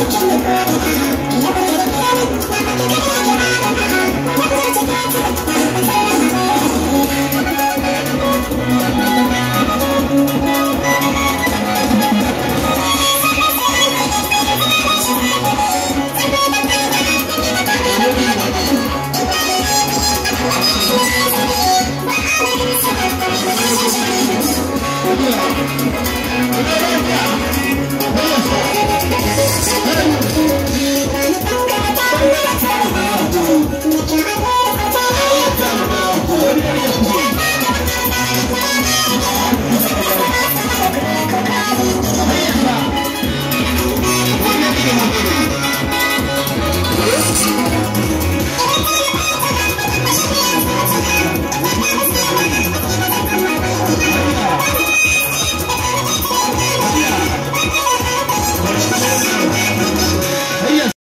Yeah. Oh, my God.